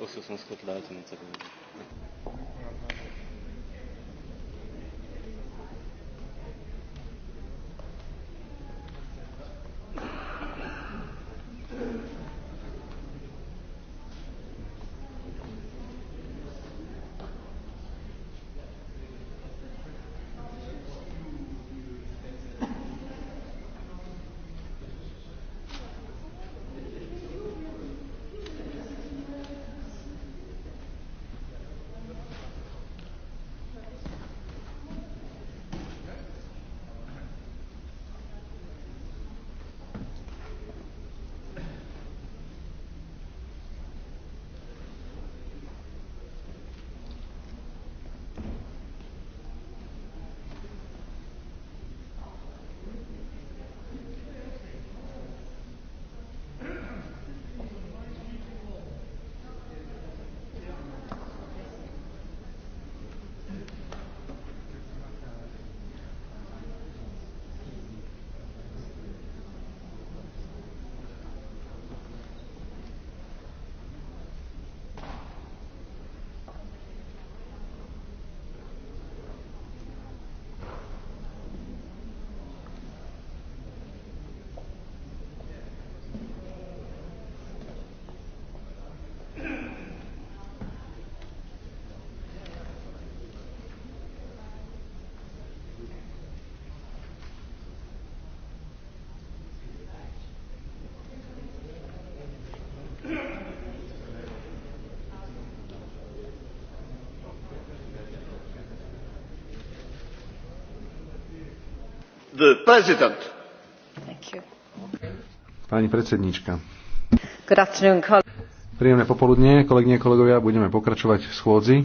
Osso sunt scot Pani predsedníčka. Príjemné popoludne, kolegyne, kolegovia, budeme pokračovať v schôdzi.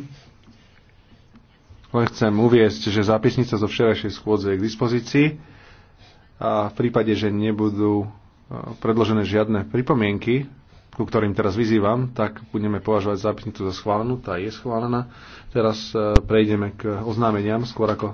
Len chcem uviesť, že zápisnica zo včerajšej schôdze je k dispozícii a v prípade, že nebudú e, predložené žiadne pripomienky, ku ktorým teraz vyzývam, tak budeme považovať zápisnicu za schválenú, tá je schválená. Teraz e, prejdeme k oznámeniam, skôr ako